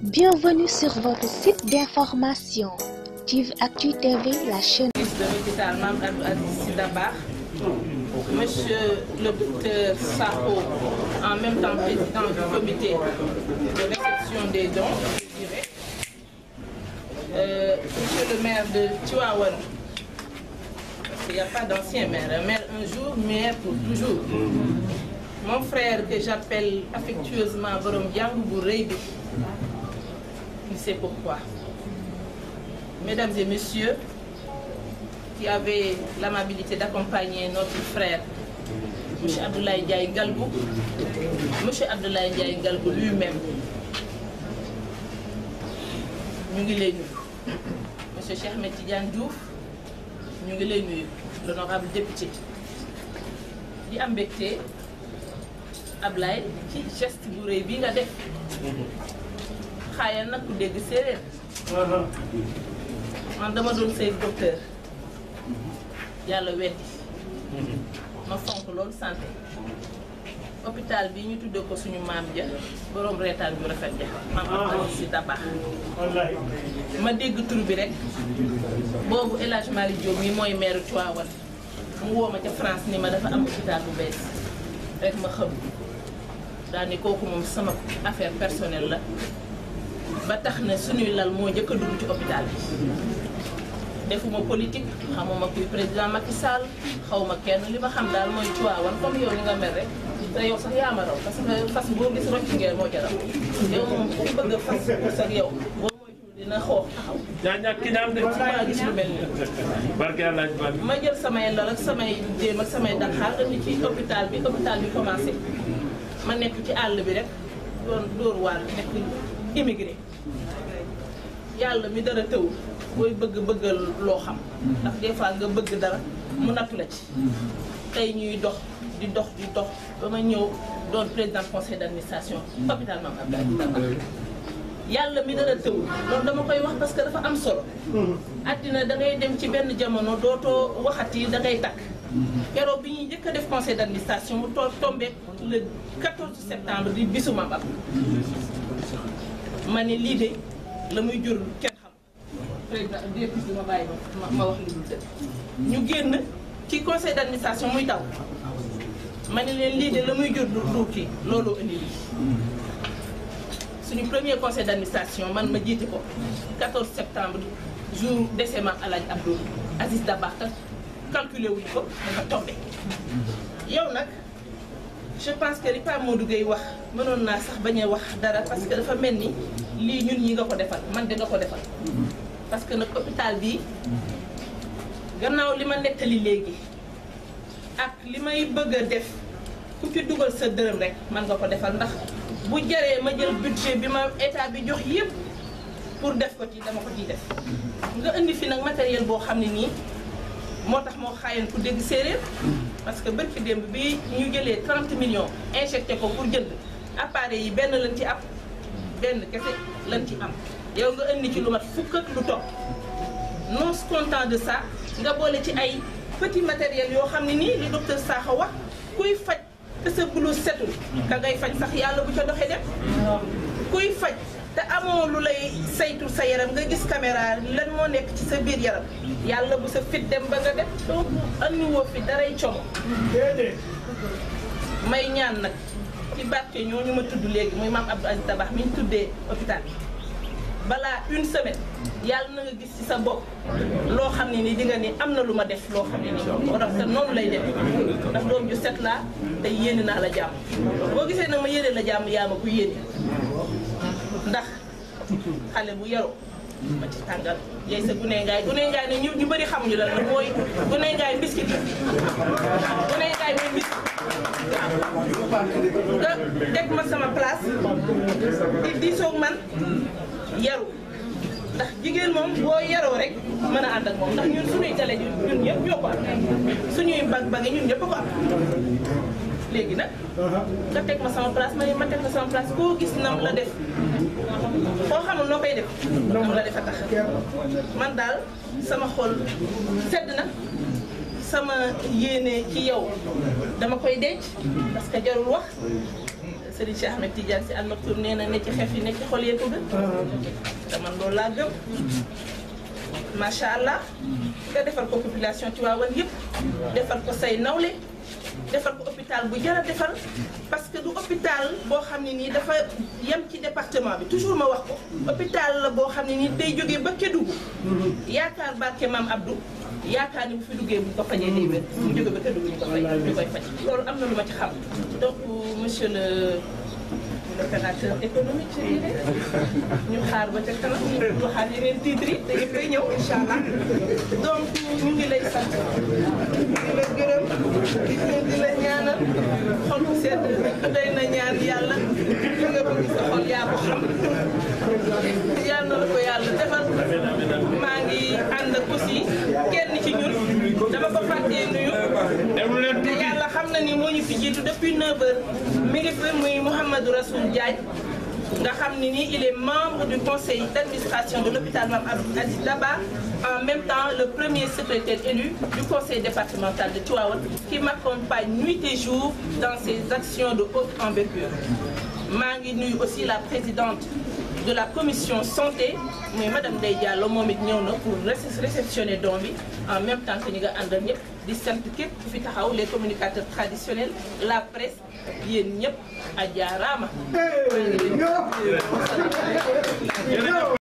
Bienvenue sur votre site d'information Tivactu TV, la chaîne. Monsieur le docteur Sakho, en même temps président du comité de réception des dons, je dirais. Euh, monsieur le maire de Tivaouane, Mon frère que j'appelle affectueusement Borom Diaw bu c'est pourquoi. Mesdames et messieurs, qui avaient l'amabilité d'accompagner notre frère, M. Abdoulaye Ndiaye Galbou, M. Abdoulaye Ndiaye Galbou lui-même, ñu ngi lay nuyu monsieur Cheikh Ahmed Tidiane ñu ngi lay nuyu l'honorable député di am mbégte Ablaye ci geste bu rëy bi nga def nag dégg dama doon sëy docteur yàlla weddi ma ñu tuddee ko suñu maam ja borom reetaan ju rafet ja dégg tur bi rek boobu El Hadj Malick yi mooy maire Tivaouane mu woo ma ca France ni ma dafa am hôpital bu bees rek ma xam daal kooku moom sama affaire personnel la ba tax na suñuy lal moo njëkk dugg ci hôpital bi defuma politique xamuma kuy président Macky Sall xawma kenn li ma xam daal mooy Tivaouane comme yow li nga mel rek te yow sax yaa parce que fas boo gis rocc moo a fas yow boo moytuwul dina xoox taxaw ñaañaak ki daam de maa gis lu mel nii samay lal ak samay jéem ak samay ci hôpital bi hôpital bi commencé ma nekk ci àll bi rek doon dóor waar nekk émigré yàlla mi dara tëw booy bëgg bëggal loo xam mhm. ndax des fois nga bëgg dara mu napp la ci mhm. tey ñuy dox di dox di dox ba ñëw doon président conseil d'administration hôpital Mame Abdoulaye yàlla mi dara tëw loolu dama koy wax parce que dafa am solo mhm. àddina da ngay dem ci benn jamono dootoo waxati da ngay takk keroog bi ñuy njëkk a def conseil d'administration mu tombé le 14 septembre di bisu Mame ma ne lii de la muy jur kenn xam président bàyyi ma ma wax li dul ñu génn ci conseil d'administration muy taw ma ne leen lii de la muy jur du kii looloo indi lii suñu premier conseil d'administration man ma jiite ko 14 septembre jour décès ma El Hadj Abdou Aziz Dabakh calculé wuñu ko dafa tombé yow nag je pense que li Pa Modou wax mënoon naa sax bañ a wax dara parce que dafa mel ni lii ñun ñi nga ko defal man de nga ko defal parce que nag hôpital bi gannaaw li ma nekkali léegi ak li may bëgg a def ku ci dugal sa dërëm rek man nga ko defal ndax bu jaree ma jël budget bi ma état bi jox yëpp pour def ko ci dama ko ciy def nga indi fi nag matériel boo xam ne nii moo tax moo xaayeen ku dégg séeréer parce que bërki démb bi ñu jëlee 30 millions injecté ko pour jënd appareil yi benn lañ ci am benn kese lañ ci am yow nga indi ci lu mat fukk ak lu topp non content de ça nga boole ci ay petit matériel yoo xam ne nii li docteur Sakho wax kuy faj te sa blouse setul ngay faj sax yàlla bu ca doxee dem kuy faj te amoo lu lay saytu sa yaram nga gis caméra lan moo nekk ci sa biir yaram yàlla bu sa fit dem ba nga def donc andi woo fi daray como may ñaan nag ci ñoo ñooñu ma tudd léegi muy maam Abdou Aziz Tabax mi ñu tuddee hôpital bi balaa une semaine yàlla na nga gis ci sa bopp loo xam ne nii di nga ni am na lu ma def loo xam ne nii moo a te noonu lay def ndax doom ju set laa te yéene naa la jàmm boo gisee nag ma yéene la jàmm yaa ma ku yéene xale bu yaru ma ci tàngal yey sa Gune Ngaay Gune Ngaay nag ñu ñu xamuñu la mooy Gune Ngaay biscuit yi Gune Ngaay mooy biscuit ma sama place di diisoog man yaru ndax jigéen moom boo yaroo rek mën a ànd ak moom ndax ñun suñuy tale ñun ñëpp ñoo ko suñuy bag-bagi ñun ñëpp ko léegi nag. Uh-huh. nga teg ma sama place ma ma teg ma sama place koo gis nam la def. koo xamul noo koy def. nam la def a tax man daal sama xol sedd na. sama yéene ci yow dama koy denc parce que jarul wax Serigne Cheikh Ahmed Tidiane si almaktum nee na ne ci xef yi ne ci xol yee tudd uh-huh. te man loolu laa gëm macha allah nga defal ko population Tivaouane yëpp defal ko say nawle defar ko hôpital bu jar a defar parce que du hôpital boo xam ne nii dafa yem ci département bi toujours ma wax ko hôpital la boo xam ne nii day jóge ba Kédougou yaakaar barke maam du yaakaar ni bu fi duggee bu ko fajee day wér bu jógee ba Kédougou ñu ko faj ñu koy faj loolu am na lu ma ci xam donc monsieur le opérateur économique je dirais ñu xaar ba ca kanam ñu waxaat yeneen titres yi koy ñëw incha allah donc ñu ngi lay sant di la gërëm di la ñaanal xol bu sedd doy na ñaan yàlla li nga bëgg sa yaa ko xam yàlla na la ko yàlla xamante ni moo ñu fi jiitu depuis 9 heures mi ngi fi muy Mouhamadou Rassoul Diagne nga xam ni nii il est membre du conseil d'administration de l'hôpital Mame Abdou Aziz Dabakh en même temps le premier secrétaire élu du conseil départemental de Tivaouane qui m'accompagne nuit et jour dans ses actions de haute envergure maa ngi nuyu aussi la présidente de la commission santé muy madame Ndeye Diallo moom it ñëw na pour réceptionner don bi en même temps que ñu nga àndal ñëpp di sant képp fi taxaw les communicateurs traditionnels la presse yéen ñëpp a jaaraama